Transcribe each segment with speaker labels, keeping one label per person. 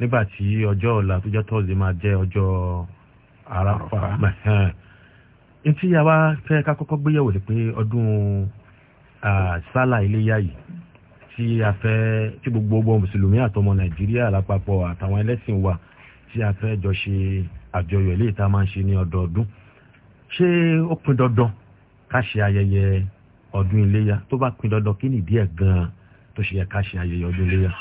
Speaker 1: nígbà tí ọjọ́ ọ̀la tó jẹ́ tọ́sídẹ̀ máa jẹ́ ọjọ́ àràfà etí àwa fẹ́ ká kọ́kọ́ gbéyẹ̀wò ni pé ọdún sálà iléyà yìí tí a fẹ́ tí gbogbo ọgbọ mùsùlùmí àtọmọ nàìjíríà lápapọ̀ àtàwọn ẹlẹ́sìn wa tí a fẹ́ jọ ṣe àjọyọ̀ eléyìí tá a máa ń ṣe ní ọdọọdún ṣé ó pin dandan ká ṣe ayẹyẹ ọdún iléyà tó bá pin dandan kí nìdí ẹ̀ gan-an tó ṣe yẹ ká ṣe ayẹyẹ ọdún iléyà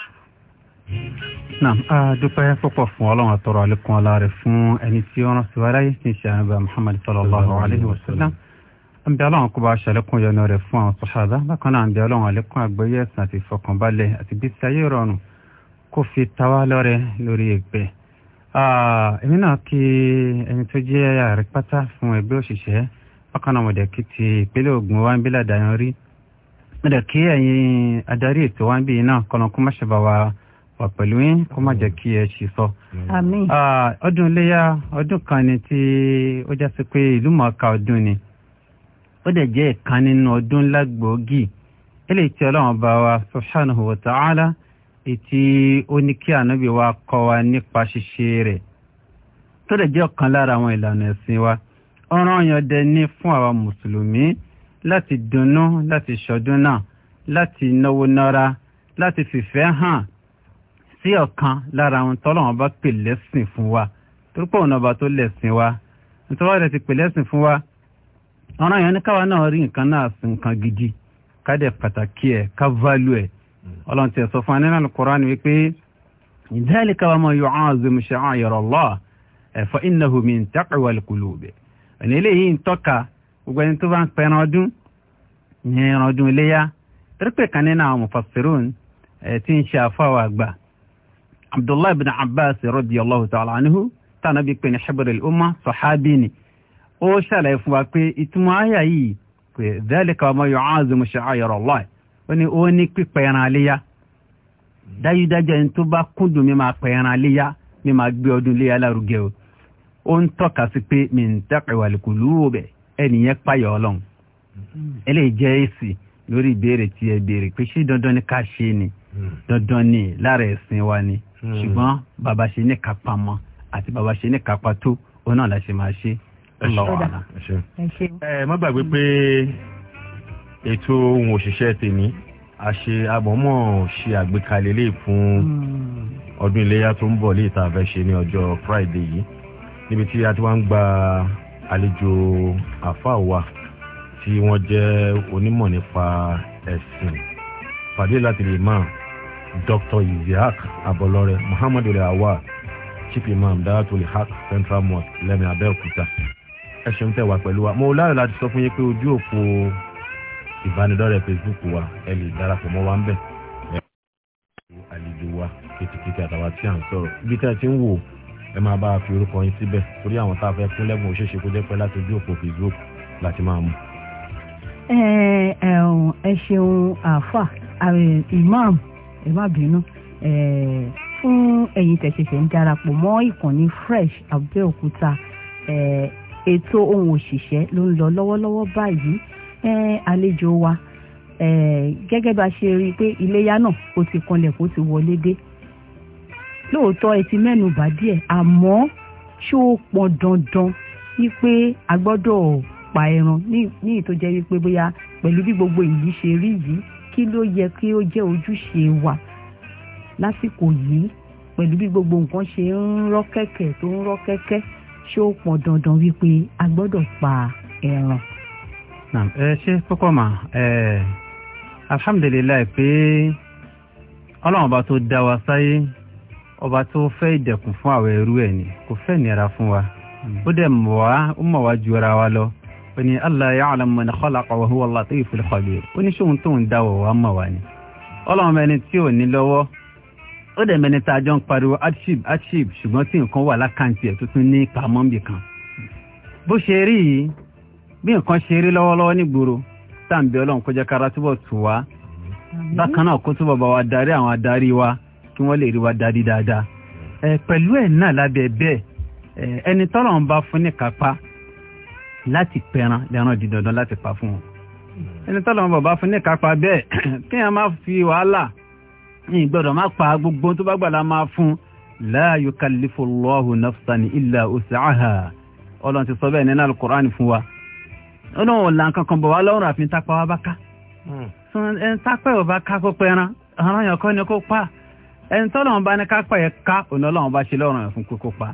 Speaker 1: naam a dúpẹ́ púpọ̀ fún ọlọ́run àtọ̀rọ̀ àlékún ọlá rẹ̀ fún ẹni tí ó rán sí wa tí ń ṣe àyànbá muhammad sallallahu alayhi wa sallam àǹbí ọlọ́run kó bá ṣàlékún yọnu rẹ̀ fún àwọn sọ̀ṣàdá bákan náà àǹbí ọlọ́run àlékún àgbẹ̀yẹ ẹ̀sìn àti ìfọkànbalẹ̀ àti gbèsè ayé ìrọ̀rùn kó fi tawá lọ́rẹ lórí ẹgbẹ́ èmi náà kí ẹni tó jẹ́ ààrẹ pátá fún ẹgbẹ́ òṣìṣẹ́ bákan náà mọ̀dẹ̀ ti ìpínlẹ̀ Ògùn wa ń bí ládàá yan rí kí ẹ̀yin adarí ètò wa ń bí iná kọ́nà kó má ṣe bá wa wà pẹ̀lú yín kó má jẹ́ kí ẹ ṣì sọ. àmín. ọdún iléyà ọdún kan ni tí ó já sí pé ìlú mọ̀ọ́ká ọdún ni ó dẹ̀ jẹ́ ìkan nínú ọdún lágbòógì eléyìí tí ọlọ́run bá wa subhanahu wa ta'ala ètí ó ní kí ànábì wa kọ́ wa nípa ṣíṣe rẹ̀ tó dẹ̀ jẹ́ ọ̀kan lára àwọn ìlànà ẹ̀sìn wa ọ̀ràn yẹn dẹ ní fún àwa mùsùlùmí láti dunnú láti ṣọdún náà láti náwó nára láti fìfẹ́ hàn sí ọ̀kan lára àwọn tọ́lọ́wọ́n bá pè lẹ́sìn fún wa torípọ̀ ọ̀nà ọba tó lẹ̀sìn wa nítorí wọ́n ti pè lẹ́sìn fún wa ọ̀ràn yẹn ní káwa náà rí nǹkan náà sí nǹkan gidi ká dẹ̀ pàtàkì ẹ̀ ká válù ẹ̀ ọlọ́run ti sọ fún wa nínú Al-Qur'an wípé dhalika wa man yu'azzim sha'a'ir Allah fa innahu min taqwal qulub ẹ̀ní eléyìí ń tọ́ka gbogbo ẹni tó bá ń pẹran ọdún ìyẹn ọdún iléyà torípé kan ẹ̀ ti ń ṣe àfọwọ́ àgbà abdullahi bin abbas radiyallahu ta'ala anhu tànàbí pé ní hibril umma sọ̀hábì ni ó ṣàlàyé fún wa pé ìtumọ̀ àyà yìí pé dhalika wa ma yu'azimu sha'air Allah ó ní ó ní pípẹ́ ẹran aléyá dájúdájú ẹni tó bá kúndùn mi máa pẹ́ ẹran aléyá mi máa gbé ọdún léyà lárugẹ o ó ń tọ́ka sí pé min taqwal qulub ẹnìyẹn payọ̀ ọlọ́run eléyìí jẹ́ èsì lórí ìbéèrè tí ẹ béèrè pé ṣé dandan ni ká ṣe ni hmm. dandan ni lára ẹ̀sìn wa ni Hmm. ṣùgbọ́n bàbá ṣe ní kápá mọ́ àti bàbá ṣe ní kápá tó òun náà la ṣe máa ṣe lọ́wọ́lá.
Speaker 2: ẹ má gbàgbé pé ètò ohun òṣìṣẹ́
Speaker 1: tèmi àṣe àbọ̀mọ̀ ṣe àgbékalẹ̀ lè fún hmm. ọdún iléyà tó ń bọ̀ lè ta fẹ́ ní ọjọ́ friday yìí níbi tí a ti wá ń gba àlejò àfáà wa tí wọ́n jẹ́ onímọ̀ nípa ẹ̀sìn fàdé láti lè máa dr isiaq abolore muhammadu lawal chief imam dayatul haq central mosque lẹ́mi abẹ́òkúta ẹ ṣeun tẹ́ wà pẹ̀lú wa mo láyọ̀ láti sọ fún yín pé ojú òpó ìbánidọ́rẹ̀ẹ́ facebook wa ẹ lè darapọ̀ mọ́ wa ń bẹ̀ ẹ àlejò wa kìtìkìtì àtàwà tí à ń sọ̀rọ̀ ibi tẹ́ ẹ ti ń wò ẹ máa bá a fi orúkọ yín síbẹ̀ torí àwọn tá a fẹ́ fún lẹ́bùn òṣèṣe kó jẹ́ pé láti ojú òpó facebook láti máa mú.
Speaker 3: ẹ ẹ ṣeun àáfà imam ẹ má bínú fún ẹ̀yin tẹ̀sẹ̀sẹ̀ ń darapọ̀ mọ́ ìkànnì fresh abẹ́òkúta ètò ohun òṣìṣẹ́ ló ń lọ lọ́wọ́lọ́wọ́ báyìí àlejò wa gẹ́gẹ́ bá ṣe rí i pé iléyà náà ó ti kanlẹ̀ kó ti wọlé dé lóòótọ́ ẹ ti mẹ́nu bà díẹ̀ àmọ́ ṣó pọn dandan wípé a gbọ́dọ̀ pa ẹran ní ìtòjẹ́ wípé bóyá pẹ̀lú bí gbogbo ìyí ṣe rí yìí kí ló yẹ kí ó jẹ́ ojúṣe wa lásìkò yìí pẹ̀lú bí gbogbo nǹkan ṣe ń rọ́ kẹ̀kẹ́ tó ń rọ́ kẹ́kẹ́ ṣé ó pọn dandan wípé a gbọ́dọ̀ pa ẹran.
Speaker 1: ẹ ṣe púpọ̀ mà ẹ alhamdulilayi pé ọlọ́run ọba tó dá wa sáyé ọba tó fẹ́ ìdẹ̀kùn fún àwọn ẹrú ẹ̀ ni kò fẹ́ nira fún wa ó dẹ̀ mọ̀ wá ó mọ̀ wá ju ara wa lọ ó ní allah ya'lamu man khalaqa wa huwa al-latiful khabir ó ní sóhun tóun dáwọ̀ wá mọ̀ wá ni ọlọ́run mẹni tí ò ní lọ́wọ́ ó dẹ̀ mẹni tá a jọ ń pariwo hardship hardship ṣùgbọ́n tí nǹkan wà lákàntì ẹ̀ tuntun ní pamọ́ nbì kan bó ṣe rí yìí bí nǹkan ṣe rí lọ́wọ́lọ́wọ́ nígboro tá à ń bẹ ọlọ́run kó jẹ́ kára tù wá bákan náà kó túbọ̀ bá wa darí àwọn adarí wa kí wọ́n lè rí wa darí dáadáa pẹ̀lú ẹ̀ náà lábẹ́ bẹ́ẹ̀ ẹni tọ́lọ́run bá fún ní kápá láti pẹran lẹ́ran di dandan láti pa fún wọn. ẹni tọ́lọ̀ wọn bàbá fún ní kápá bẹ́ẹ̀ kéèyàn máa fi wàhálà ní gbọ́dọ̀ máa pa gbogbo tó bá gbàdá máa fún la yukallifu Allahu nafsan illa wus'aha ọlọ́run ti sọ bẹ́ẹ̀ nínú alukur'an fún wa. ọlọ́run ọ̀la kankan bọ̀ wá lọ́rùn àfi tápá wa bá ká.
Speaker 4: Hmm.
Speaker 1: ẹni tápá ẹ̀ bá ká kó pẹran àwọn èèyàn kọ́ ni kó pa ẹni tọ́lọ́wọ́n bá ní ká pa ẹ̀ ká ọ̀nà ọlọ́wọ́n bá ṣe lọ́rùn ẹ̀ fún kókó pa.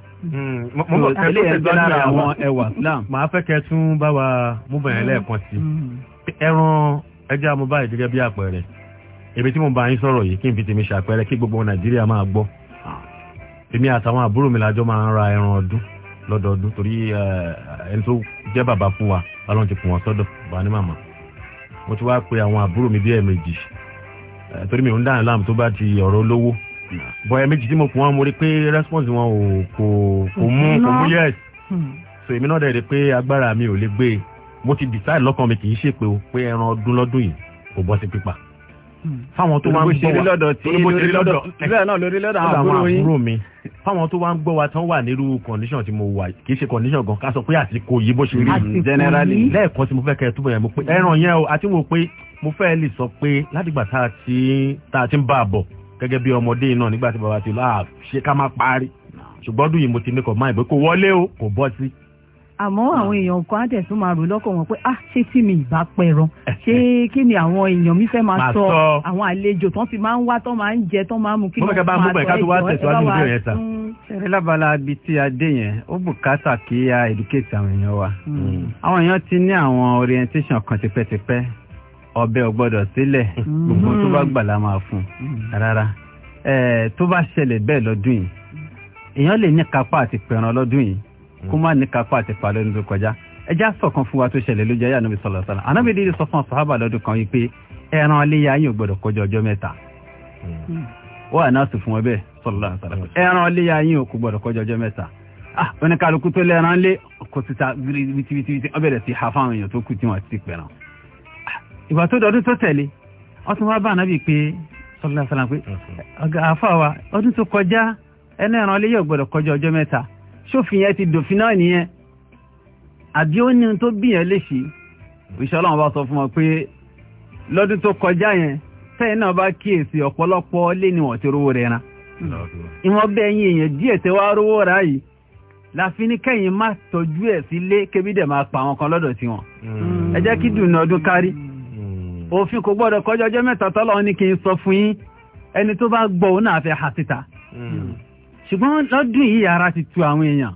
Speaker 4: mo mọ̀ ẹ tó tẹ̀gbọ́n lára àwọn ẹwà Islam. màá
Speaker 1: fẹ́ kẹ́ tún bá wa mú bẹ̀rẹ̀ mm-hmm. lẹ́ẹ̀kan sí
Speaker 4: mm-hmm.
Speaker 1: ẹran ẹja mo bá ìdílé bí àpẹẹrẹ èmi tí mo bá yín sọ̀rọ̀ yìí kí n fi tèmi ṣàpẹẹrẹ kí gbogbo Nàìjíríà máa gbọ́. Ah. èmi àtàwọn àbúrò mi lájọ máa ń ra ẹran ọdún lọ́dọọdún torí eh, ẹni tó jẹ́ bàbá fún wa ọlọ́run ti fún wọn sọ́dọ̀ bá ní mo ti wá pe àwọn àbúrò mi bí ẹ̀ẹ̀mejì Eh, torí mi ò ń dáhùn láàmú tó bá ti ọ̀rọ̀ olówó hmm. bọ́yá méjì tí mo kún wọn mo rí pé response wọn ò kò kò mú kò mú yes hmm. so èmi náà dẹ̀ rí pé agbára mi ò lè gbé e mo ti decide lọ́kàn mi kì í ṣèpè o pé ẹran ọdún lọ́dún yìí kò bọ́ sí pípa hmm. fáwọn tó wá ń gbọ́ wa lórí lọ́dọ̀ bẹ́ẹ̀ náà àwọn àbúrò mi fáwọn tó wá ń gbọ́ wa tán wà nírú condition tí mo wà kì í ṣe condition gan ká sọ pé àsìkò yìí bó ṣe rí generally lẹ́ẹ̀kan tí mo fẹ́ kẹ́ ẹ túbọ̀ yẹn mo pé ẹran yẹn o àti mo pé mo fẹ́ lè sọ pé látìgbà tá a ti tá a ti ń bá a bọ̀ gẹ́gẹ́ bí ọmọdé náà nígbà tí bàbá ti lọ à ah, ká má parí ṣùgbọ́n ọdún yìí mo ti ní kọ̀ máa ìgbé kò wọlé o kò bọ́ sí.
Speaker 3: àmọ́ ah. àwọn èèyàn kan á tẹ̀sùn máa rò lọ́kàn wọn pé ah ṣé tí mi ìbá pẹran ṣé kí ni àwọn èèyàn mi fẹ́ máa sọ àwọn àlejò tán ti máa ń wá tán máa ń jẹ tán máa ń mu kí wọ́n máa tọ́ ẹ̀jọ̀ ẹ
Speaker 1: ṣẹ̀rẹ̀ lábala bíi tí a dé yẹn ó bùkátà kí a educate àwọn èèyàn wa. Hmm. Hmm. àwọn èèyàn ti ní àwọn orientation kan tipẹ́tipẹ́ ọbẹ̀ ọgbọ́dọ̀ sílẹ̀ gbogbo tó bá gbà la máa fún rárá tó bá ṣẹlẹ̀ bẹ́ẹ̀ lọ́dún yìí èèyàn lè ní kápá àti pẹ̀ràn lọ́dún yìí kó má ní kápá àti pa lọ́dún tó kọjá ẹjá sọ̀kan fún wa tó ṣẹlẹ̀ lójú ayé ànábi sọ̀rọ̀ sọ̀rọ̀ ànábi dídí sọ fún sàhábà lọ́dún kan yìí ẹran aléyà yín ò gbọ́dọ̀ kọjá ọjọ́ mẹ́ta ó ànáàsì fún ọbẹ̀ sọ̀rọ̀ ẹran aléyà yín ò gbọ́dọ̀ kọjá ọjọ́ mẹ́ta ah oníkàlùkù tó lẹ́ran lé kò síta bìtìbìtì ọbẹ̀ rẹ̀ sí ha fáwọn èèyàn ìgbà tó dọdún tó tẹ̀lé wọ́n tún wá bá ànábì pé sọlá pé àfa tó kọjá ẹni ẹran ilé yóò gbọdọ̀ kọjá ọjọ mẹta sófin yẹn ti dòfin náà nìyẹn àbí ó ní tó bí yẹn léṣe òṣìṣẹ́ ọlọ́run bá sọ fún pé lọ́dún tó kọjá yẹn náà bá kíyèsí ti rówó rẹ ran èèyàn wá rówó rà yìí láfi ní má tọjú ẹ kí Hmm. òfin kò gbọ́dọ̀ kọjá ọjọ́ mẹ́ta tọ́lọ́ ni kì í sọ fún yín ẹni tó bá gbọ́ òun náà fẹ́ ha síta hmm. ṣùgbọ́n lọ́dún yìí ara ti tu àwọn èèyàn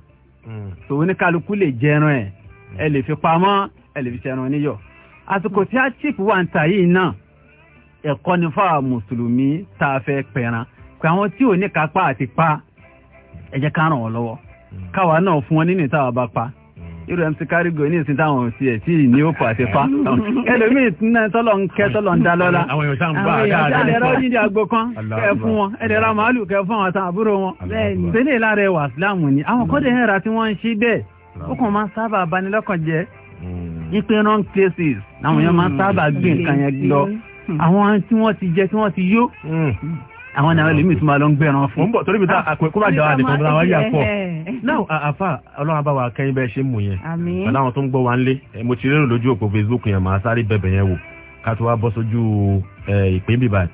Speaker 1: tòun hmm. ní kálukú lè jẹran ẹ̀ ẹ lè fi pamọ́ ẹ lè fi ṣẹran níyọ̀ àsìkò tí a chip wà ń ta yìí náà ẹ̀kọ́ ni fáwọn mùsùlùmí tá a fẹ́ pẹ̀ran pé àwọn tí ò irú ẹ̀ ń ti kárí gò ní ìsìn táwọn òsì ẹ̀ tí ní ó pàṣẹ fa ẹlòmíì náà tọ́lọ̀ ń kẹ́ tọ́lọ̀ ń dá àwọn èèyàn sáà ń bá dáadáa àwọn hmm. wrong places àwọn èèyàn máa ń sábà gbé nǹkan yẹn lọ hmm. àwọn tí wọ́n ti jẹ tí wọ́n ti yó hmm àwọn náà lèmi tí máa lọ ń gbẹ̀ràn fún. mo ń bọ̀ torí bí tá kó bá jáwá nìkan bá wáyé àpọ̀ náà àfà ọlọ́run bá wa kẹ́yìn bẹ́ẹ̀ ṣe mú yẹn pẹ̀lú àwọn tó ń gbọ́ wa ń lé mo ti rérò lójú òpó facebook yẹn màá sáré bẹ̀bẹ̀ yẹn wò ká tó wá bọ́ sójú ìpè bíbá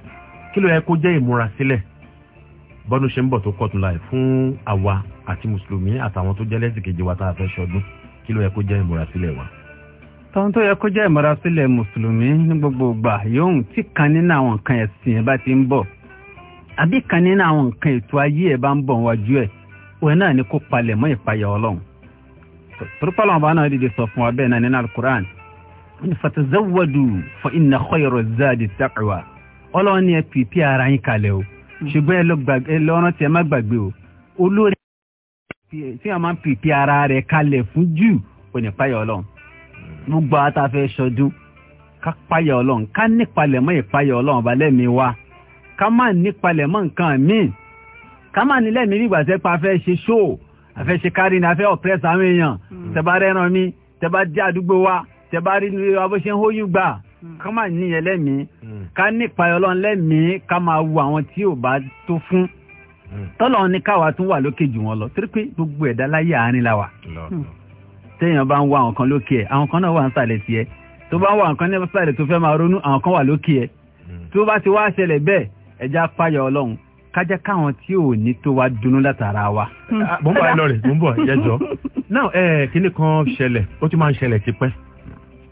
Speaker 1: kí ló yẹ kó jẹ́ ìmúra sílẹ̀ bọ́dún ṣe ń bọ̀ tó kọ̀tún láì fún àwa àti mùsùlùmí tó yẹ kó jẹ́ ìmúra sílẹ̀ mùsùlùmí ní gbogbo ìgbà yóò tí kan nínú àwọn nǹkan ẹ̀sìn bá ti ń bọ̀ àbí kan nínú àwọn nǹkan ètò ayé ẹ̀ bá ń bọ̀ wájú ẹ̀ òun náà ni kó palẹ̀ mọ́ ìpayà ọlọ́run torípàlọ́ àwọn bá náà dìde sọ fún wa bẹ́ẹ̀ náà nínú alukur'an ní fatazawadu fa inna khayra zadi taqwa ọlọ́run ni ẹ pìpì ara yín kalẹ̀ o ṣùgbọ́n ẹ lọ́rọ́ tí ẹ má gbàgbé o olórí tí máa ń pìpì ara rẹ̀ kalẹ̀ fún jù ọlọ́run gbogbo àtàfẹ́ ṣọdún ká ká má nípalẹ̀ mọ́ nǹkan míì ká má nílẹ̀ mi bí ìgbàsẹ́ pa afẹ́ ṣe ṣó afẹ́ ṣe kárí ni afẹ́ ọ̀pẹ́sẹ̀ àwọn èèyàn hmm. tẹ́bá rẹ́ran mi tẹ́bá jẹ́ àdúgbò wa tẹ́bá rí ní abóṣe ń hóyún gbà hmm. ká má níyẹn lẹ́mìí hmm. ká nípayọ̀ lọ́n lẹ́mìí ká máa wo àwọn tí ò bá tó fún tọ́lọ̀ ní káwa tún wà lókè jù wọn lọ torí pé gbogbo ẹ̀dá láyé àárín la wà téèyàn bá ń wá àwọn kan lókè ẹ̀ àwọn kan náà wà ń sàlẹ̀ tiẹ̀ tó bá ń wá àwọn kan ní sàlẹ̀ tó fẹ́ máa ronú àwọn kan wà lókè ẹ̀ tó bá ti wá ṣẹlẹ̀ bẹ́ẹ̀ ẹjẹ́ apáyọ ọlọ́run kájẹ́ káwọn tí ò ní tó wa dùnnú látara wa. mo ń bọ̀ ẹ lọ rẹ̀ mo ń bọ̀ ẹ jọ. náà ẹ kíní kan ṣẹlẹ̀ ó ti máa ń ṣẹlẹ̀ tipẹ́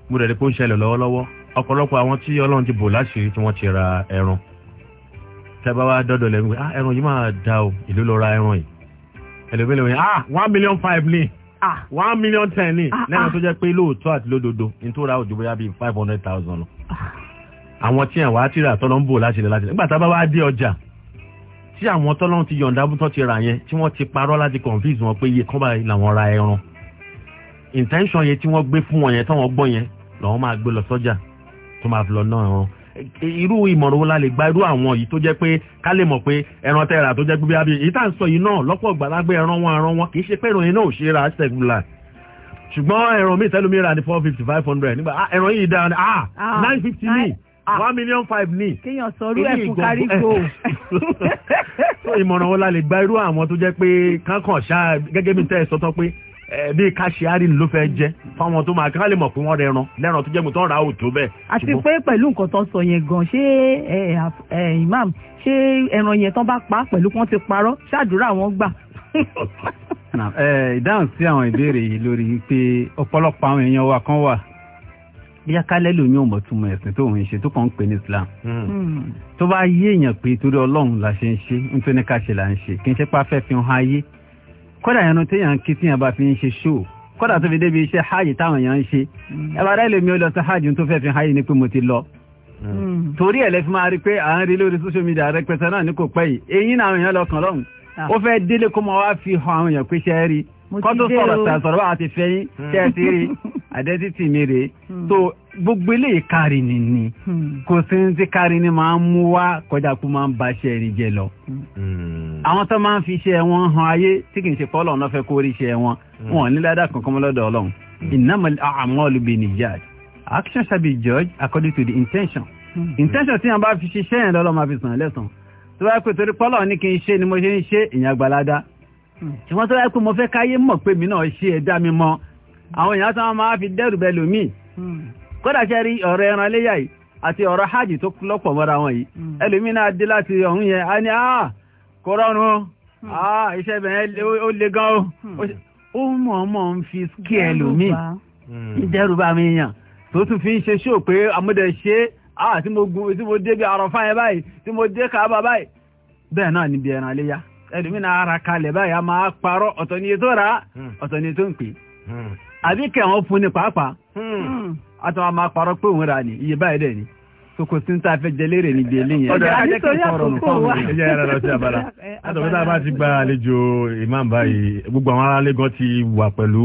Speaker 1: mo rẹ̀ rí pé ń ṣẹlẹ̀ lọ́wọ́lọ́wọ́ ọ̀pọ̀lọpọ̀ àwọn tí ọlọ́run ti bò láṣìírí tí wọ́n ti ra ẹran tẹ́bá wá dọ́dọ̀ lẹ́nu pé ah ẹran yìí máa da o ìlú lọ ra ẹran yìí ẹlòmílẹ̀ wọ̀nyí ah one million five ni ah one million ten ni ah, lẹ́yìn ah. tó jẹ́ pé lóòótọ́ àti lódodo ní tó ra òjò bóyá bíi five hundred thousand lọ. Ah àwọn tí àwọn àtìrà tọ́lọ́ ń bò láti lẹ̀ láti lẹ̀ nígbà tá a bá wá dé ọjà tí àwọn tọ́lọ́ ti yọ̀ǹda bútọ́ ti rà yẹn tí wọ́n ti parọ́ láti confuse wọn pé iye kan làwọn ra ẹran intention yẹn tí wọ́n gbé fún wọn yẹn táwọn gbọ́ yẹn làwọn máa gbé lọ sọ́jà tó máa fi lọ náà ẹran irú ìmọ̀ràn wo la lè gba irú àwọn yìí tó jẹ́ pé ká lè mọ̀ pé ẹran tẹ́ ra tó jẹ́ gbígbé abiyẹ èyí tá à ń sọ yìí náà lọ́pọ̀ gbàlágbé ẹran wọn ẹran wọn kì ṣe pé ìròyìn náà ò ṣe ra ṣẹ́gbùlà ṣùgbọ́n ẹran mi ìtẹ́lómi ra ní four fifty five hundred nígbà ah, ẹran yìí dáa ní ah, ah, nine fifty ní Ah. one million five ní. kéèyàn sọrú ẹ̀ fún kárí go. so ìmọ̀ràn wo la lè gba irú àwọn tó jẹ́ pé kankan ṣá gẹ́gẹ́ bí tẹ́ sọtọ́ pé bí káṣíárì ló fẹ́ jẹ́ fáwọn tó máa kí lè mọ̀ pé wọ́n rẹran lẹ́ran tó jẹ́ mo tán ra òtó bẹ́ẹ̀. àti pé
Speaker 3: pẹ̀lú nǹkan tó sọ yẹn gan ṣé imam ṣé ẹran yẹn tán bá pa pẹ̀lú kí wọ́n ti parọ́ ṣáàdúrà wọn gbà.
Speaker 1: ìdáhùn sí àwọn ìbéèrè yìí lórí pé ọ̀pọ̀lọpọ̀ àwọn èèyàn wa kan wà bíyá kálẹ̀ ló ní ọmọ túmọ̀ ẹ̀sìn tó ń ṣe tó kàn ń pè ní Islam hmm. Hmm. tó bá yé èèyàn pé torí Ọlọ́run la ṣe ń ṣe nítorí ká ṣe là ń ṣe kì í ṣe pé afẹ́ fi hàn ayé kódà ẹnu téèyàn kí tíyàn bá fi ń ṣe ṣó kódà tó fi débi iṣẹ́ hajj táwọn èèyàn ń ṣe hmm. ẹ̀bàdá ilé mi ó lọ sí hajj tó fẹ́ fi hajj ni pé mo ti lọ torí ẹ̀ lẹ́fi máa rí pé à ń rí lórí social media rẹpẹtẹ náà ní kò pẹ́ yìí kọ́tún sọ̀rọ̀ sàṣọ̀rọ̀ bá ti fẹ́ yín kí hmm. ẹ ti rí àdẹ́tìtì mi rèé tó hmm. gbogbo eléyìí kárí ni ni hmm. kò sí ní ti kárí ni máa ń mú wá kọjá kó máa ń ba iṣẹ́ ẹni jẹ lọ. àwọn tó máa ń fi iṣẹ́ wọn han ayé tí kì í ṣe pọ́lọ̀ náà fẹ́ kó rí iṣẹ́ wọn wọn ní ládàá kankan lọ́dọ̀ ọlọ́run innamal a'malu binniyat action shall be judged according to the intention intention tí wọn bá fi ṣiṣẹ́ yẹn lọ́lọ́ máa fi sàn lẹ́sàn tó bá pè torí pọ́lọ̀ ní kí n ṣe ni mo ṣe ń ṣe ìyẹn ṣùgbọ́n tó yẹ pé mo fẹ́ káyé mọ̀ pé mi náà ṣe ẹ̀dá mi mọ́ àwọn èèyàn tó máa fi dẹ́rù bẹ lòmíì kódà ṣe rí ọ̀rọ̀ ẹran léyà yìí àti ọ̀rọ̀ hajj tó lọ́pọ̀ mọ́ra wọn yìí hmm. ẹlòmíì náà dé láti ọ̀hún yẹn á ní àá kò rọrùn ó hmm. iṣẹ́ bẹ̀rẹ̀ ó le gan hmm. ó ó mọ̀ mọ̀ ń fi kí ẹlòmíì ń dẹ́rù bá mi yàn tó tún fi ń ṣe ṣó pé amúdẹ̀ ṣe é àà tí mo dé bí àrọ̀fáyẹ báyìí tí mo dé kàábà báyìí bẹ́ẹ̀ náà níbi ẹran léyà edumina ara kalẹ̀ báyìí a máa parọ́ ọ̀tọ̀ ni ra hmm. ni ń pè hmm. àbí kẹwọn fún ni pàápàá hmm. àtàwọn máa parọ́ pé òun ni iye báyìí dẹ̀ ni kókò tí ń ta fẹ́ jẹ léèrè níbi eléyìn ẹ̀jẹ̀ ajẹ́ abala a bá ti gba àlejò imam báyìí gbogbo àwọn ti wà pẹ̀lú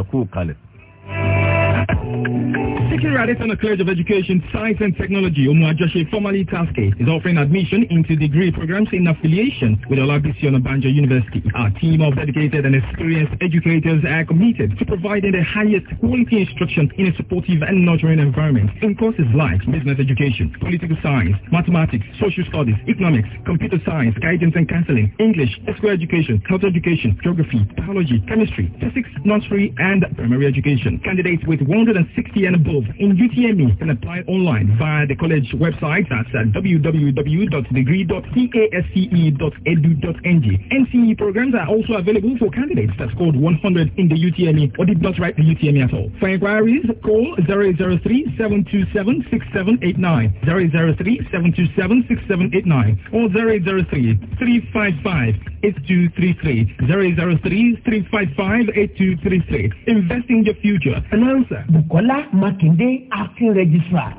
Speaker 1: wọn
Speaker 2: Secretary Adeson, College of Education, Science and Technology, Omuajoshe, formerly Taske, is offering admission into degree programs in affiliation with Olabisi Onabanjo University. Our team of dedicated and experienced educators are committed to providing the highest quality instruction in a supportive and nurturing environment in courses like business education, political science, mathematics, social studies, economics, computer science, guidance and counseling, English, school education, health education, geography, biology, chemistry, physics, nursery and primary education. Candidates with 160 and above in UTME, and apply online via the college website at uh, www.degree.casce.edu.ng. NCE programs are also available for candidates that scored 100 in the UTME or did not write the UTME at all. For inquiries, call 003 727 6789, 003 727 6789, or 003 355 8233, 003 355 8233. Invest in your future. Announcer Bukola Makin Ayinde acting registrar.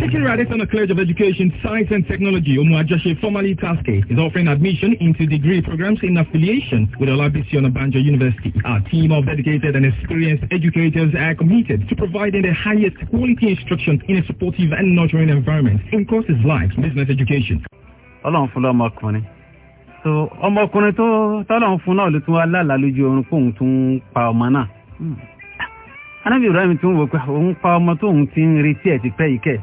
Speaker 2: Teaching Radisson College of Education, Science and Technology, Omuajashe, formerly Taske, is offering admission into degree programs in affiliation with Olabisi Onabanjo University. Our team of dedicated and experienced educators are committed to providing the highest quality instruction in a supportive and nurturing environment in courses like business education.
Speaker 1: Ọlọ́run fún lọ́mọkùnrin. So ọmọkùnrin tó tọ́lọ́run fún náà ló tún wá lálàá lójú orun kóun tún pa ọmọ náà anábì ibrahim tún wò pé òun pa ọmọ tóun ti ń retí ẹ̀ ti pẹ́ ikẹ̀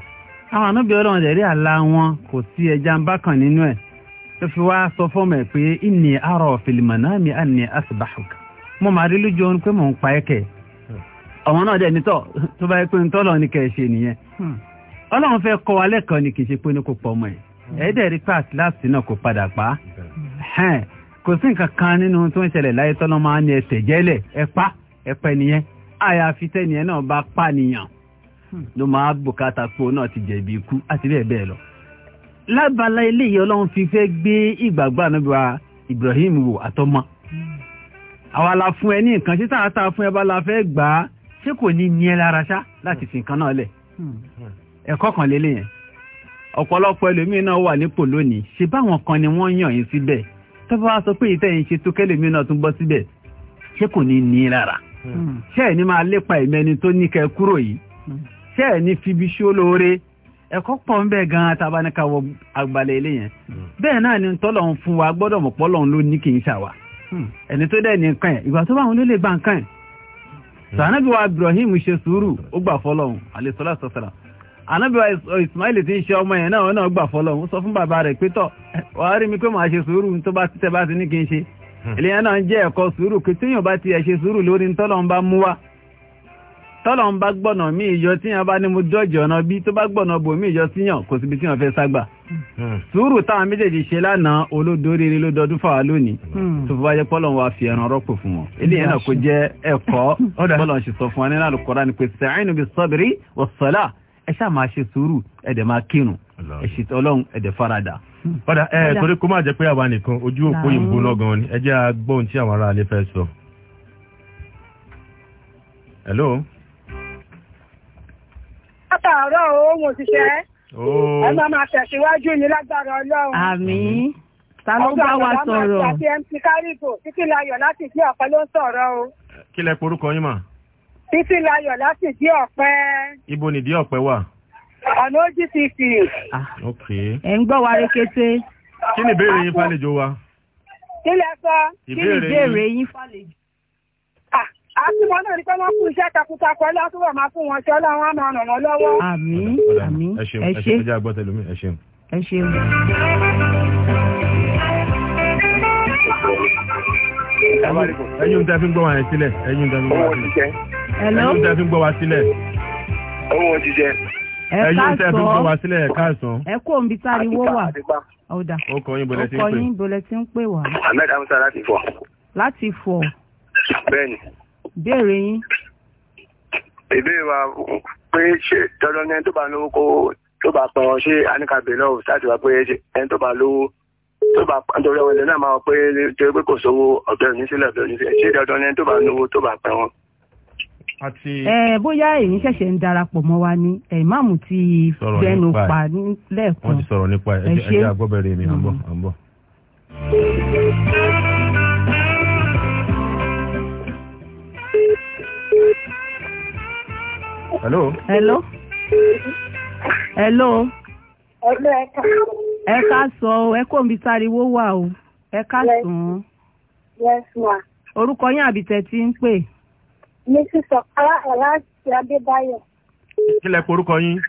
Speaker 1: àwọn anábì ọlọ́run dẹ̀ rí àlá wọn kò sí ẹja ń bá kàn nínú ẹ̀ tó fi wá sọ fọ́ọ̀mù ẹ̀ pé inni ara fil manami anni asbahuk mo máa rí lójú oorun pé mò ń pa ẹ̀kẹ́ ọmọ náà dẹ̀ nítọ̀ tó bá yẹ pé ń tọ́lọ̀ ní kẹ̀ẹ́ ṣe nìyẹn hmm. ọlọ́run fẹ́ kọ́ wa lẹ́kọ̀ọ́ ni kì í ṣe pé ní kò pọ̀ ọmọ ẹ̀ hmm. ẹ̀ẹ́dẹ̀ rí pàṣẹ láti náà kò padà pa kò sí nǹkan kan nínú tó ń ṣẹlẹ̀ láyé tọ́lọ́ máa ń ní ẹsẹ̀ jẹ́lẹ̀ ẹ̀pá ẹ̀pẹ́ nìyẹn àyàfi tẹ́ni ẹ̀ náà bá pànìyàn ló máa bùkátà pé òun náà ti jẹ̀bi ikú àti bẹ́ẹ̀ bẹ́ẹ̀ lọ. lábala eléyìí ọlọ́run fi fẹ́ gbé ìgbàgbọ́ ànábìwá Ibrahim wò àtọ́mọ́ àwa la fún ẹ ní nǹkan títà àtà fún ẹ bá la fẹ́ gbà á ṣé kò ní ní ẹ lára ṣá láti fi nǹkan náà lẹ̀ ẹ̀kọ́ kan lélẹ̀ yẹn ọ̀pọ̀lọpọ̀ ẹlòmíín náà wà nípò lónìí ṣe báwọn kan ni wọ́n yàn yín síbẹ̀ tó bá sọ pé ìtẹ̀yìn ṣe tó kẹ́lòmíín náà tún bọ́ síbẹ̀ ṣé kò ní ní lára ṣé ẹ̀ ní máa lépa ìmẹ́ni tó ní kẹ́ kúrò yìí ṣé ẹ̀ ní fi ibi ṣó lóore ẹ̀kọ́ pọ̀ ń gan-an tabaníka wọ agbalẹ̀ ilé yẹn bẹ́ẹ̀ náà ni tọ́lọ̀ ń fún wa gbọ́dọ̀ mọ̀ pọ́lọ̀ ló ní kì í ṣàwà ẹni tó dẹ̀ ní nǹkan yẹn ìgbà tó bá wọn ló lè gba nǹkan yẹn sànàbí wa Ibrahim ṣe sùúrù ó gbà fọlọ́hún ànàbí wa ti n Hmm. eléyàn náà jẹ́ ẹ̀kọ́ sùúrù kí tíyàn bá ti ẹ̀ṣe sùúrù lórí tọ́lọ́n bá mú wá tọ́lọ́n bá gbọ́nà mí ìyọ tíyàn bá ní mo jọ́jọ́ ọ̀nà bí tó bá gbọ́nà bò mí ìyọ tíyàn kò síbi tíyàn fẹ́ ságbà hmm. Hmm. sùúrù táwọn méjèèjì ṣe lánàá olódóríire ló dọdún fáwa lónìí tó fi wáyé pọ́lọ́n wa fi ẹran rọ́pò fún wọn eléyàn náà kò jẹ́ ẹ̀kọ́ pọ́lọ́n ṣe sọ fún wa nínú Al-Qur'an ni pé sa'inu sabri was salah ẹ ṣáà máa ṣe ẹ̀sìtì ọlọ́run ẹ̀dẹ̀ farada. Hmm. padà ẹ torí kó má jẹ pé àwa nìkan ojú òpó yìí ń gbóná gan ni ẹ jẹ́ a gbọ́ ohun tí àwọn ará ilé
Speaker 2: fẹ́ sọ. hello.
Speaker 3: látàárọ̀ ohun òṣìṣẹ́
Speaker 2: ẹ máa
Speaker 3: máa tẹ̀síwájú ní lágbára ọlọ́run.
Speaker 1: àmín ta ló bá wa sọ̀rọ̀. ọgbà àwọn àti
Speaker 3: mc kárìbò títí layọ̀ láti ìdí ọ̀pẹ ló ń sọ̀rọ̀ o.
Speaker 1: kí lẹ porúkọ yín mà.
Speaker 3: títí layọ̀ láti ìdí ọ̀pẹ.
Speaker 1: ibo nìdí ọ̀pẹ wà
Speaker 3: ọ̀nà ó jí fífi. ẹ̀ ń gbọ́ wa rekete. kí ni ìbéèrè yín
Speaker 2: fàlejò wa. kí lẹ sọ. kí ni ìbéèrè yín fàlejò. Ah, àtìmọ́ náà ni pé wọ́n fún iṣẹ́ takuntakun ọlọ́run tó wà máa fún wọn ṣe ọlọ́run á máa ràn wọ́n lọ́wọ́. àmín àmín ẹ ṣeun ẹ ṣeun ẹ jẹ́ àgbọ̀tẹ̀lómi ẹ ṣeun. ẹ ṣeun.
Speaker 1: ẹ̀yin tẹ́ fi ń gbọ́ wa sílẹ̀ ẹ̀yin tẹ́ fi gbọ́ wa sílẹ̀ ẹ̀yin tẹ́ fi gbọ́ wa sílẹ̀. owó ti jẹ ẹ̀yin tẹ́ fi gbọ́ wá sílẹ̀ ẹ̀ka àsán.
Speaker 3: ẹ kó omi sáré wó wà. ọ̀dà
Speaker 1: ọkọ̀ yín bọ̀lẹ̀ tí ń pè. ọkọ̀ yín
Speaker 3: bọ̀lẹ̀ tí ń pè wá.
Speaker 1: ahmed amusa láti fọ. láti fọ. bẹ́ẹ̀ni. béèrè yín. ìbéèrè wa pé ṣé dandan ni ẹni tó bá lówó kó tó bá pọn ṣé anika bello láti wá pé ẹni tó bá lówó tó bá nítorí ọmọ ilẹ̀ náà máa pé torí pé kò sówó ọ̀gbẹ́rún ní sílẹ̀ ọ̀gbẹ́rún ní sílẹ̀ ṣé dandan ni ẹni tó bá lówó tó bá pẹ́ wọn àti.
Speaker 3: ẹ bóyá èyí ṣẹ̀ṣẹ̀ ń darapọ̀ mọ́ wa ni ìmáàmù ti bẹnu pa lẹ́ẹ̀kan. wọ́n ti sọ̀rọ̀
Speaker 1: nípa ẹ̀ ẹ̀jẹ̀
Speaker 2: àgbọ̀bẹ̀rẹ̀ mi à ń bọ̀ à ń bọ̀. hello.
Speaker 3: hello. hello. hello ẹ̀ka. ẹ̀ka sọ ẹ kò ń bi tariwo wà o ẹ̀ka sàn. yes ma. orúkọ yín àbí tẹ̀ tí ń pè. Mrs. Ọ̀kọ́lá Ọ̀lá àti Adébáyọ̀.
Speaker 1: Kílẹ̀ porúkọ yín.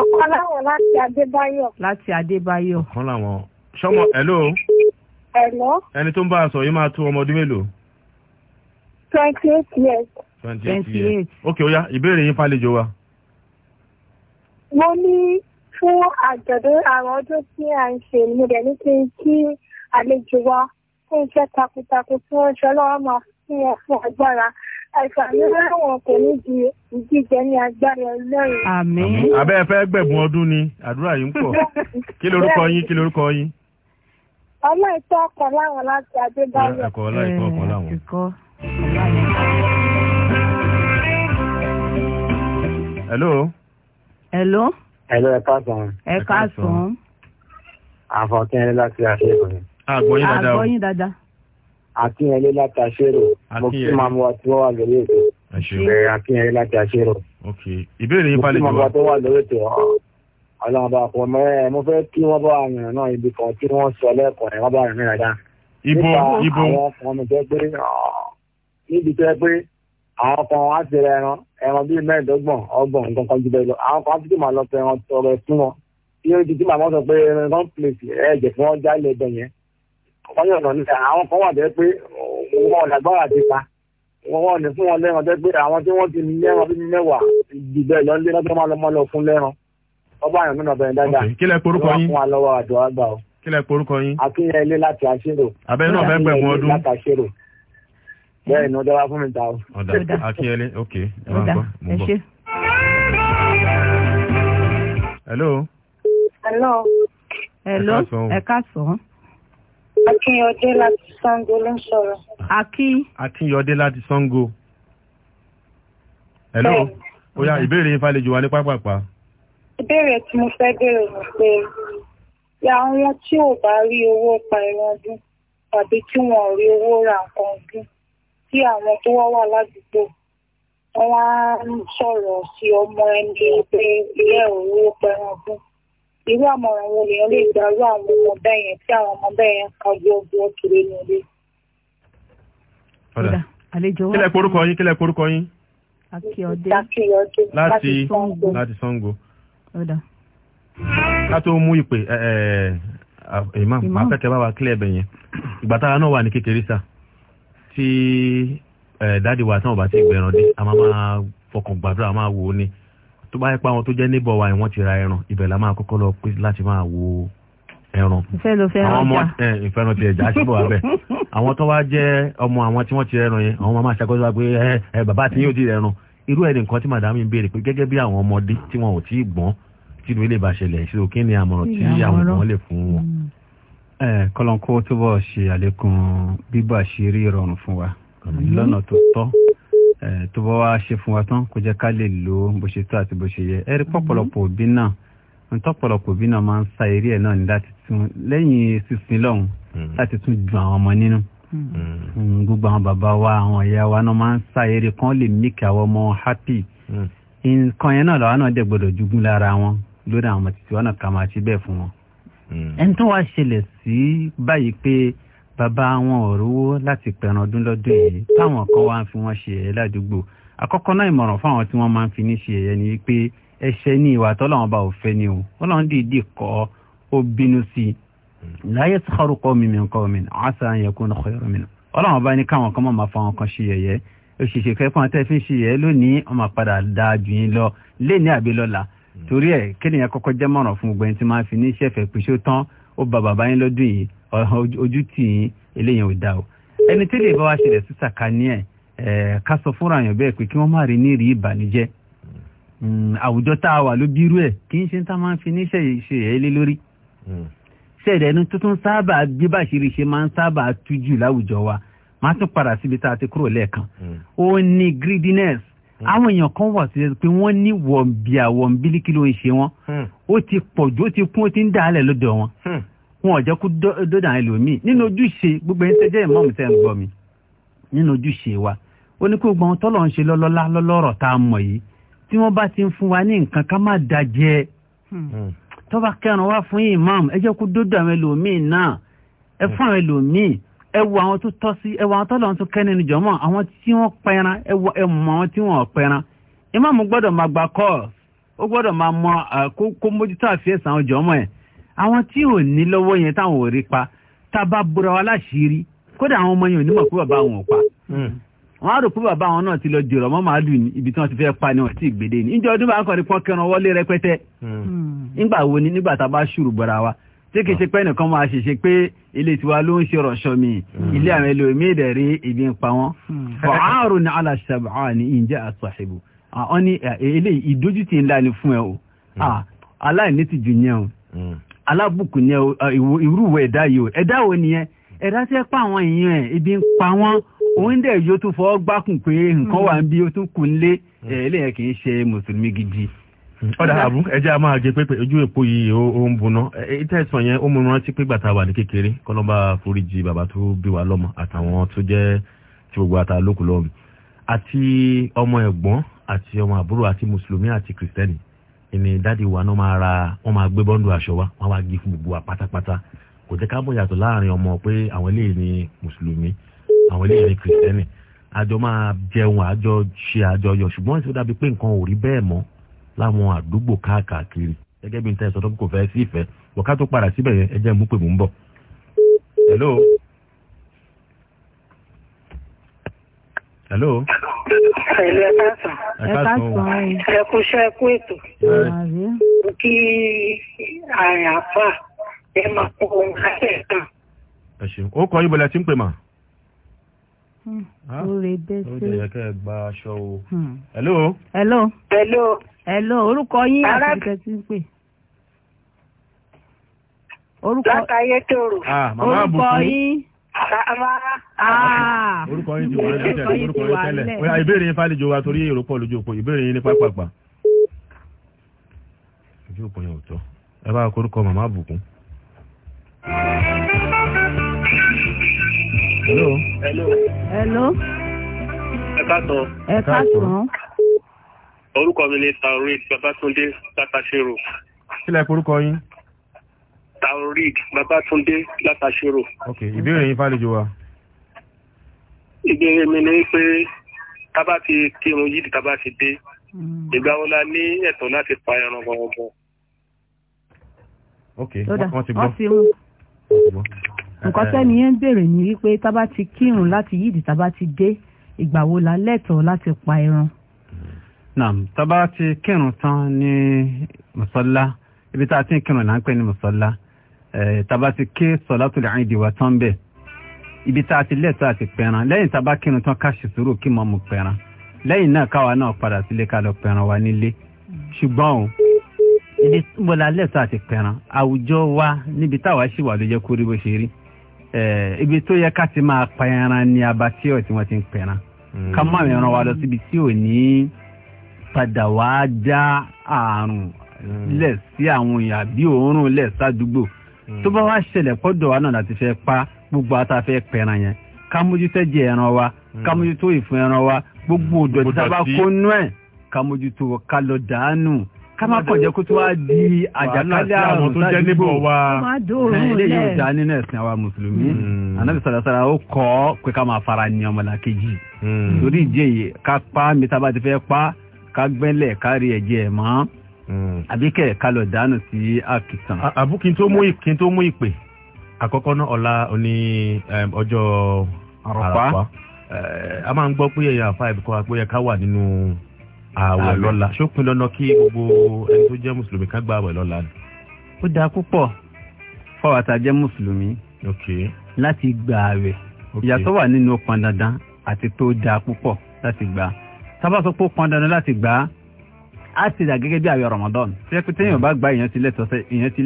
Speaker 3: Ọ̀kọ́lá Ọ̀lá àti Adébáyọ̀. Láti Adébáyọ̀.
Speaker 1: Ọ̀kan làwọn. Ṣọ́mọ hello. Hello. Ẹni tó ń bá a sọ yìí máa tó ọmọ ọdún mélòó?
Speaker 3: Twenty eight years.
Speaker 1: Twenty eight years. Ok ó yá ìbéèrè yín fàlejò wa.
Speaker 3: Mo ní fún àjọ̀dún àwọn ọdún tí à ń ṣe mo dẹ̀ ní kí n kí àlejò wa fún iṣẹ́ takuntakun tí wọ́n ṣe ọlọ́wọ́ máa fún wọn fún agbára Àìsàn ìrẹ́wọ̀n kò ní di jíjẹ ní agbára Ọlọ́run.
Speaker 2: Àmín. Abẹ́ ẹ fẹ́ gbẹ̀bùn ọdún ni, àdúrà yìí ń pọ̀. Kí lorúkọ yín, kí lorúkọ yín? Ọlá ìtọ́ ọkọ̀ láwọn láti Adébáyọ̀. Ẹ̀kọ́ ọlá ìtọ́ ọkọ̀ láwọn.
Speaker 1: Hello. Hello. Hello, ẹ káàsán.
Speaker 3: Ẹ káàsán.
Speaker 1: Àfọ̀kẹ́ láti àṣẹ ìkọ̀yìn. Àgbọ̀yìn dáadáa. Àgbọ̀yìn dáadáa akínyẹlé
Speaker 2: láti àṣírò mo kí máa mú wa tí wọ́n wà lórí ètò ẹ̀ akínyẹlé láti àṣírò. ok ìbéèrè yín balẹ̀ jù wá. mo kí máa mú wa tí wọ́n wà lórí ètò ọlọ́run bá pọ̀ mọ́ ẹ mo fẹ́ kí wọ́n bá
Speaker 1: àyàn náà ibi kan tí wọ́n sọ lẹ́kọ̀ọ́ ẹ̀ wọ́n bá àyàn náà dá. nípa àwọn ọkùnrin tó pé
Speaker 2: níbi tó pé àwọn kan á ti rẹ ẹran ẹran bíi mẹ́ẹ̀ẹ́dọ́gbọ̀n ọgbọ̀n nǹkan kan jù bẹ́ẹ̀ lọ àwọn kan á máa lọ fẹ́ ẹran tọrọ ẹ̀ fún wọn. iye ojú tí màmá sọ pé ẹran kan pèsè ẹ̀jẹ̀ fún wọn jálẹ̀ bẹ̀yẹn
Speaker 1: wọ́n yọ̀dọ̀ níta àwọn kan wà bẹ́ẹ̀ pé wọ́n ọ̀dàgbọ́n àti pa wọ́n ní fún wọn lẹ́ran bẹ́ẹ̀ pé àwọn tí wọ́n ti ní lẹ́ran bíi mẹ́wàá ìdìbẹ̀ lọ lé lọ́dọ́ máa lọ mọ́ lọ fún lẹ́ran ọba àyàn nínú ọbẹ̀ dáadáa kí lẹ porúkọ lọ́wọ́ àgbà o
Speaker 2: kí porúkọ yín
Speaker 1: akínyẹ ilé láti àṣírò abẹ́rẹ́ náà fẹ́ ọdún láti ó dára fún mi ta o. ọ̀dà akínyẹlé
Speaker 3: Akínyọdé láti Sango ló ń sọ̀rọ̀. Akí.
Speaker 1: Akínyọdé láti Sango. Hello. Ó yá ìbéèrè yín falejò wa ní pápápá.
Speaker 3: Ìbéèrè tí mo fẹ́ béèrè ni pé ya àwọn tí ò bá rí owó pa ẹran ọdún tàbí tí wọn ò rí owó ra nǹkan ọdún tí àwọn tó wá wà ládùúgbò wọn á sọ̀rọ̀ sí ọmọ ẹni pé ilé òwúrò pa ẹran ọdún irú àmọ̀ràn wo lèèyàn lè gba irú àwọn ọmọ bẹ́ẹ̀ yẹn tí àwọn ọmọ bẹ́ẹ̀ yẹn kan jọ bí wọ́n kiri ní ilé.
Speaker 2: ọ̀dà àlejò wa kílẹ̀ porúkọ yín kílẹ̀ porúkọ yín.
Speaker 3: akíọdé láti
Speaker 1: láti sango. ọ̀dà. ká tó mú ìpè imam máa fẹ́ kẹ́ bá wa kílẹ̀ bẹ̀ yẹn ìgbà tára náà wà ní kékeré sá tí dáàdi wa táwọn bá ti gbẹ̀ràn dé a máa fọkàn gbàdúrà a máa wò ó ní tó bá yẹ pé àwọn tó jẹ́ níbọ̀ wa wọ́n ti ra ẹran ibẹ̀ la máa kọ́kọ́ lọ pé láti máa wo ẹran.
Speaker 3: ìfẹ́ ló fẹ́ràn ọjà àwọn ọmọ
Speaker 1: ìfẹ́ràn ti ẹ̀já síbọ̀ abẹ́ àwọn tó wá jẹ́ ọmọ àwọn tí wọ́n ti rẹran yẹn àwọn máa ṣàkóso wa pé ẹ bàbá àti yóò ti rẹran irú ẹ̀ nìkan tí màdàmí ń béèrè pé gẹ́gẹ́ bí àwọn ọmọdé tí wọn ò tí ì gbọ́n tí ìlú ilé ìbáṣẹlẹ̀ ìṣirò kí ni àmọ̀ràn tí àwọn ọmọ lè fún wọn. kọ́lọ́nkó túbọ̀ ṣe àlékún bíbà ṣe rí ìrọ̀rùn fún wa lọ́nà tó tọ́ tó bá wá ṣe fún wa tán kó jẹ́ ká lè lò ó bó ṣe tó àti bó ṣe yẹ ẹ rí pọ̀pọ̀lọpọ̀ mhm. òbí náà ń tọ́pọ̀lọpọ̀ òbí náà máa ń sa eré ẹ̀ náà ní láti tún lẹ́yìn sísin lọ́hùn mhm. láti tún ju àwọn ọmọ nínú mhm. mm, gbogbo àwọn bàbá wa àwọn ìyá wa náà máa ń sa eré kan lè make àwọn ọmọ happy nǹkan yẹn náà làwọn náà dẹ̀ gbọ́dọ̀ jogún lára wọn lórí àwọn ọmọ títí wọn náà ká máa ṣe bẹ́ẹ̀ fún wọn. ẹni tó wá ṣẹlẹ̀ sí báyìí pé bàbá wọn ò rówó láti pẹ̀ràn ọdún lọ́dún yìí táwọn kan wá ń fi wọ́n ṣe ẹ̀yẹ ládùúgbò àkọ́kọ́ náà ìmọ̀ràn fáwọn tí wọ́n máa ń fi ní ṣe ẹ̀yẹ ni pé ẹ̀ṣẹ̀ ní ìwà tọ́lọ́wọ́n bá ò ni o ọlọ́run dìídì kọ́ ó bínú sí i láyé sọ́kọ́rù kọ́ mi mi nǹkan mi àṣà yẹn kó nàkọ́ yọrọ mi nà ọlọ́run bá ní káwọn kan máa fa kan ṣe ẹ̀yẹ òṣìṣẹ́ kẹ́kọ̀ọ́ tẹ́ fi ń ṣe ẹ̀yẹ ojú tì í eléyàn ò dá o ẹni tí lè bá wa ṣẹlẹ̀ sí sàkání ẹ̀ ẹ̀ ká sọ fúnra yàn bẹ́ẹ̀ pé kí wọ́n má rí ní rí ìbànújẹ́ hmm, àwùjọ tá a wà ló bírú ẹ̀ kì í ṣe tá a máa ń fi níṣẹ́ ṣe ẹ̀ lé lórí hmm. ṣẹ̀dẹ̀ ẹni tuntun sábà bí bàṣírí ṣe máa ń sábà tú jù láwùjọ wa máa tún padà síbi tá a ti kúrò lẹ́ẹ̀kan hmm. ó ní greediness àwọn èèyàn kan wà sí pé wọ́n ní wọ̀nbíà wọ̀nbílíkì ló ń ṣe wọ́n ó ti pọ̀ jù ó ti kún ó ti ń dà wọn ò jẹ́ kó dọ́dà ẹ lòmíì nínú ojúṣe gbogbo ẹni tẹ́jẹ́ ìmọ̀ọ́mù tẹ́ ń gbọ́ mi nínú ojúṣe wa ó ní kó gbọ́n tọ́lọ̀ ń ṣe lọ́lọ́lá lọ́lọ́rọ̀ tá a mọ̀ yìí tí wọ́n bá ti ń fún wa ní nǹkan ká má dajẹ́ hmm. tọ́ba kẹrin wá fún yìí ìmọ̀ọ́mù ẹ jẹ́ kó dọ́dà àwọn ẹlòmíì náà ẹ fún àwọn ẹlòmíì ẹ wo àwọn tó tọ́ sí ẹ wo àwọn tọ́lọ̀ tó kẹ́ni ní jọ̀mọ́ àwọn tí wọ́n àwọn tí ò ní lọ́wọ́ yẹn táwọn ò rí pa tá a bá búra wa láṣìírí kódà àwọn ọmọ yẹn ò ní mọ̀ pé bàbá wọn ò pa hmm. wọn á rò pé bàbá wọn náà ti lọ jèrò ọmọ màálù ibi tí wọn ti fẹ́ pa ni wọn ti gbèdé ni ìjọ ọdún bá ń kọrin pọ́n kẹran wọlé rẹpẹtẹ
Speaker 4: hmm. Hmm.
Speaker 1: nígbà wo ni nígbà tá a bá ṣùrù bọ̀ra wa tí kì í ṣe pé nìkan máa ṣèṣe pé ilé tiwa ló ń ṣe rọ̀ṣọ́ mi ilé àwọn ẹlòmíì dẹ̀ rí ibi ń pa wọn. Ah, ọ̀hánrò ní aláṣàbà ní ìjẹ́ àṣàṣìbò àwọn ní ilé ìdójútì ńlá ni fún ẹ o aláìní ti jù yẹn o alábùkù ni irúwẹ̀ ẹ̀dá yìí o ẹ̀dá wo nìyẹn ẹ̀dá tẹ́ pa àwọn èèyàn ẹ̀ ibi ń pa wọ́n òun dẹ̀ yóò tún fọ́ gbákùn pé nǹkan wà ń bí ó tún kù ń lé hmm. eléyẹn kì í ṣe mùsùlùmí
Speaker 4: gidi ọ̀dà àbú
Speaker 1: ẹjẹ́ a máa jẹ pé ojú èpo yìí ó ń buná ìtẹ̀sán yẹn ó mú rántí pé gbàtà wà ní kékeré kọ́nọ́bà foríjì bàbá tó bí wa lọ́mọ àtàwọn tó jẹ́ tí gbogbo ata lókùlọ́ọ̀mù àti ọmọ ẹ̀gbọ́n àti ọmọ àbúrò àti mùsùlùmí àti kìrìsìtẹ́nì ìní dáàdi wa náà máa ra wọ́n máa gbé bọ́ńdù aṣọ wa wọ́n wá gé fún gbogbo wa pátápátá kò jẹ́ ká mọ̀ yàtọ̀ láàrin ọmọ pé àwọn eléyìí ni mùsùlùmí àwọn eléyìí ni kìrìsìtẹ́nì àjọ máa jẹun àjọ ṣe àjọyọ̀ ṣùgbọ́n ìṣó dàbí pé nǹkan ò rí bẹ́ẹ̀ mọ́ láwọn àdúgbò káàkiri gẹ́gẹ́ bí n tẹ́ sọ tó kò fẹ́ sí ìfẹ́ wọ́n ká tó padà síbẹ̀ yẹn ẹ jẹ́ mú pè mú ń bọ̀. hello.
Speaker 2: hello.
Speaker 4: pẹ̀lú ẹ káàsán. ẹ káàsán o. ẹ kú
Speaker 3: iṣẹ́ ẹ kú ètò. mo kí àyàn àfà ẹ máa kó ohun kásẹ̀ kan.
Speaker 1: ẹ ṣeun ó kọ ibùdó tí ń pè mà. Hmm, ah, ó lè bẹ́ẹ̀ sí. ó jẹ́ yẹ kẹ́ ẹ gba aṣọ o. Hmm. hello. hello.
Speaker 3: hello. hello orúkọ yín àti ìkẹ́ tí ń pè orúkọ látàyé tòrò ah, orúkọ yín. Ah. orúkọ
Speaker 1: yín ti wà ní tẹ́lẹ̀ orúkọ yín tẹ́lẹ̀ oya ìbéèrè yín fàlejò wa torí èrò pọ̀ lójú òpó ìbéèrè yín ní pápákpá. ojú òpó yẹn ò tọ́ ẹ bá korúkọ màmá àbùkún. hello.
Speaker 4: hello.
Speaker 2: hello. ẹ káàtó. ẹ káàtó.
Speaker 1: orúkọ mi ni taorid babatunde látàṣírò.
Speaker 2: kílẹ̀ korúkọ yín.
Speaker 1: taorid babatunde látàṣírò.
Speaker 2: ok ìbéèrè yín fàlejò wa ìbéèrè mi ni pé tá bá ti kírun yídì tá bá ti dé mm. ìgbà wo la ní ẹ̀tọ́ láti pa ẹran gbọ̀ngbọ̀n.
Speaker 4: ok wọ́n ti gbọ́
Speaker 3: nǹkan eh, tẹ́ni yẹn ń béèrè ní wípé tá ti kírun láti yídì tá ti dé ìgbà wo la lẹ́tọ̀ọ́ láti pa ẹran.
Speaker 1: Naam, tá bá ti kírun tán ní mùsọ́lá, ibi tá a ti kírun là ń pè ní mùsọ́lá. Eh, tá bá ti kí sọ̀látùl ìdìwà tán bẹ́ẹ̀ ibi tá a ti lẹ́tọ́ àti pẹran lẹ́yìn tá a bá kírun tán ká ṣètúrò kí mọ́ mu pẹran lẹ́yìn náà káwa náà padà sílé ká lọ pẹran wa nílé ṣùgbọ́n o ibi bọ́lá lẹ́tọ́ àti pẹran àwùjọ wa níbi táwa ṣì wà ló jẹ́ kó rí bó ṣe rí eh, ibi tó yẹ ká ti máa pa ẹran ní abatíọ̀ tí wọ́n ti ń pẹran
Speaker 4: hmm. ká má ẹran wa lọ
Speaker 1: síbi tí ò ní padà wá já àrùn hmm. lẹ̀ sí àwọn èèyàn bí òórùn lẹ̀ sádùúgbò hmm. tó bá wá ṣẹlẹ̀ pọ́dọ̀ wa náà láti fẹ́ pa á gbogbo àtàfẹ́ pẹ̀ràn yẹn ká mójútó jẹ ẹran wa hmm. ká mójútó ìfún ẹran wa gbogbo òdòdó tá a bá kó nú dànù ká má kó tó wá di àjàkálẹ̀ àrùn tó jẹ́ níbò wa
Speaker 4: ilé yóò dá
Speaker 1: nínú ẹ̀sìn àwa mùsùlùmí hmm. ànábì sàràsàrà ó kọ́ pé ká máa fara ní ọmọlàkejì hmm. torí ìdí èyí ká pa mi tá a bá ti fẹ́ pa ká gbẹ́lẹ̀ ká rí ẹ̀jẹ̀ ẹ̀ mọ́ àbíkẹ́ ká dànù sí àkìtàn. àbúkí tó mú ìpè àkọ́kọ́ náà ọ̀la òní ọjọ́ àràpá eh, a máa ń gbọ́ pé èèyàn àfa ìbùkọ́ àpéyẹ ká wà nínú ààwẹ̀ lọ́la ṣópin dandan kí gbogbo ẹni tó jẹ́ mùsùlùmí ká gba ààwẹ̀ lọ́la ni. ó dáa púpọ̀ fáwọn àtàjẹ́ mùsùlùmí láti gba ààwẹ̀ ìyàtọ̀ wà nínú pọn dandan àti tó dáa púpọ̀ láti gbà tá a bá sọ pé ó pọn dandan láti gbà á ti dà gẹ́gẹ́ bí àwẹ̀ Ramadan ṣé pé téèyàn bá gba èèyàn ti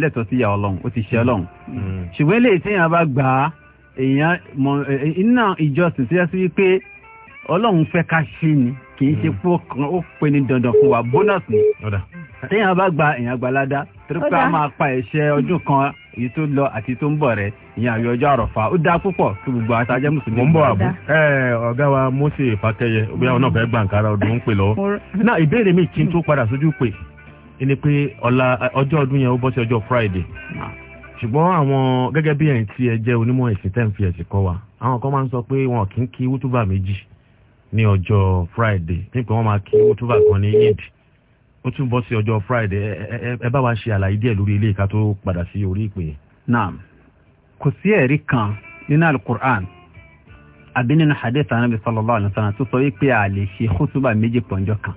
Speaker 1: lẹ́tọ̀ọ́ sí ìyà Ọlọ́run ó ti ṣe hmm. Ọlọ́run hmm. ṣùgbọ́n eléyìí téèyàn bá gbà á èèyàn mọ iná ìjọsìn tó yẹ sí wípé Ọlọ́run fẹ́ ká ṣe ni kì í ṣe hmm. pé ó pe ní dandan fún wa bónọ́ọ̀sì ni téèyàn bá gba èèyàn gbalada torí máa pa ẹ̀ṣẹ̀ ọdún kan èyí tó lọ àti tó ń bọ̀ rẹ ìyẹn àwẹ̀ ọjọ́ àrọ̀fà ó dáa púpọ̀ kí gbogbo àtàjẹ́ mùsùlùmí. mo ń bọ̀ àbú ẹ ọ̀gá wa mose ìfakẹyẹ bóyá wọn náà fẹ́ gbàǹkárá ọdún ń pè lọ́wọ́ náà ìbéèrè mi kí n tó padà sójú pé ẹni pé ọ̀la ọjọ́ ọdún yẹn ó bọ́ sí ọjọ́ friday ṣùgbọ́n àwọn gẹ́gẹ́ bí ẹ̀yin tí ẹ jẹ́ onímọ̀ ẹ̀sìn tẹ́ ń fi ẹ̀sìn kọ́ wa àwọn kan máa ń sọ pé wọn kì í kí wútúbà méjì ní ọjọ́ friday nípa wọn máa kí wútúbà kan ní yídì ó tún bọ́ sí ọjọ́ friday ẹ bá wa ṣe àlàyé díẹ̀ lórí ilé ìka tó padà sí orí ìpè. naam kò sí ẹ̀rí kan nínú alukur'an àbí nínú hadith anabi sallallahu alayhi wa sallam tó sọ wípé a lè ṣe khutuba méjì pọ̀njọ́ kan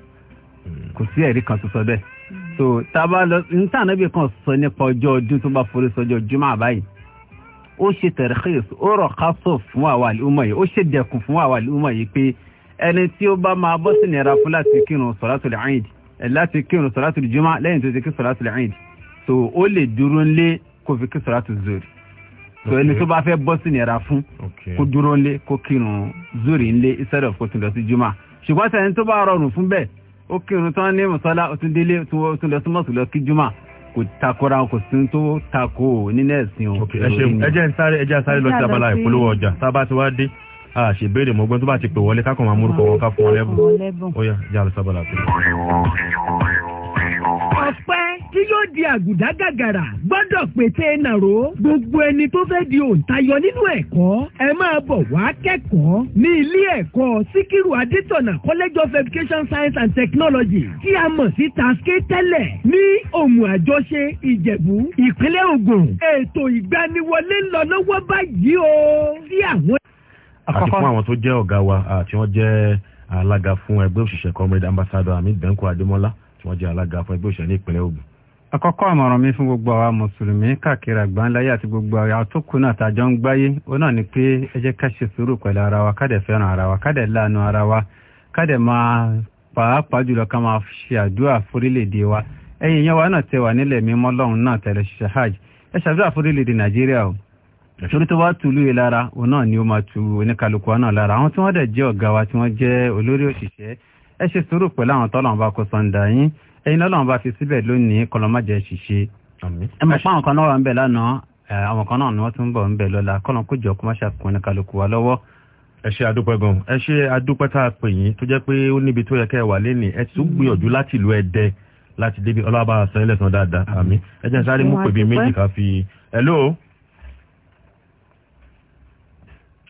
Speaker 1: hmm. kò sí ẹ̀rí kan tó sọ bẹ́ẹ̀ hmm. so tábà lọ níta anabi kan sọ nípa ọjọ́ ọdún tó bá forí sọjọ́ jùmọ̀ àbáyé ó ṣe tarkhis ó rọ̀ kásọ̀ fún àwa àlùmọ̀ yìí ó ṣe dẹ̀kun fún àwa àlùmọ̀ yìí pé láti kírun sọ̀látù jùmọ̀ lẹ́yìn tó ti kí sọ̀látù lẹ́yìn so o lè dúró ńlé kó fi kí sọ̀látù zòrì so ẹni tó bá fẹ́ bọ́ sí nira fún kó dúró ńlé kó kírun zòrì ńlé instead of kó tún lọ sí jùmọ̀ ṣùgbọ́n sẹ́yìn tó bá rọrùn fún bẹ́ẹ̀ ó kírun tán ní mùsọ́lá o tún délé ó tún lọ sí mọ́sù lọ kí jùmọ̀ kò takora kò sí tó takò nínú ẹ̀sìn o. ẹ ṣeun ẹ jẹ́ ń sáré lọ sí abala ìpolówó ọjà tá a bá ti dé a ṣe béèrè mọ́gbọ́n tó bá ti pè wọlé kákan máa múrúkọ wọn ká fún wọn lẹ́bùn ó yá jẹ́ àlùsábàlà pé.
Speaker 2: ọ̀pẹ́ tí yóò di àgùdá gàgàrà gbọ́dọ̀ pété nàró gbogbo ẹni tó fẹ́ di òǹtayọ nínú ẹ̀kọ́ ẹ máa bọ̀ wá kẹ́kọ̀ọ́ ní ilé
Speaker 1: ẹ̀kọ́ síkírù adétọ̀nà college of education science and technology tí a mọ̀ sí
Speaker 2: taske tẹ́lẹ̀ ní òmù àjọṣe ìjẹ̀bú ìpínlẹ̀ ògùn ètò ìgbaniwọlé ń lọ lọ́wọ́ báyìí o sí àwọn àti fún
Speaker 1: àwọn tó jẹ́ ọ̀gá wa àti wọ́n jẹ́ alága fún ẹgbẹ́ òṣìṣẹ́ comrade ambassador Hamid Benko Ademola tí wọ́n jẹ́ alága fún ẹgbẹ́ òṣìṣẹ́ ní ìpínlẹ̀ Ògùn. àkọ́kọ́ àmọ̀ràn mi fún gbogbo àwa mùsùlùmí káàkiri àgbáńláyé àti gbogbo àwa tó kù náà tàjọ ń gbáyé ó náà ni pé ẹ jẹ́ ká ṣe sùúrù pẹ̀lú ara wa ká dẹ̀ fẹ́ràn ara wa ká dẹ̀ láàánú ara wa ká dẹ̀ máa pàápàá jùlọ ká máa ṣe àdúrà fórílẹ̀-èdè wa ẹ̀yin yẹn wa náà tẹ wà nílẹ̀ mímọ́ lọ́hùn náà tẹ̀lé ṣiṣẹ́ hajj ẹ ṣàdúrà fórílẹ̀-èdè Nàìjíríà o torí tó bá tulu yìí lára òun náà ni ó máa tu oníkálukú náà lára àwọn tí wọ́n dẹ̀ jẹ́ ọ̀gá wa tí wọ́n jẹ́ olórí òṣìṣẹ́ ẹ ṣe sùúrù pẹ̀lú àwọn tọ́lọ́run bá kó sọ̀ǹda yín ẹ̀yin lọ́lọ́run bá fi síbẹ̀ lónìí kọlọ́májẹ ṣìṣe ẹ mọ̀ pé àwọn kan náà wà ń bẹ̀ lánàá àwọn kan náà ni wọ́n tún bọ̀ ń bẹ̀ lọ́la kọ́lọ́n kó jọ kó má ṣàkóso oníkálukú wa lọ́wọ́ ẹ ṣe adúpẹ́ gan ẹ ṣe adúpẹ́ tá a pè yín tó jẹ́ pé ó níbi tó yẹ kẹ́ ẹ wà lẹ́nìí ẹ tún gbìyànjú láti ìlú Ẹdẹ láti débi ọlọ́ba sanyẹ́lẹ̀sán dáadáa àmín ẹ jẹ́ sáré mú pèbí méjì ká fi hello.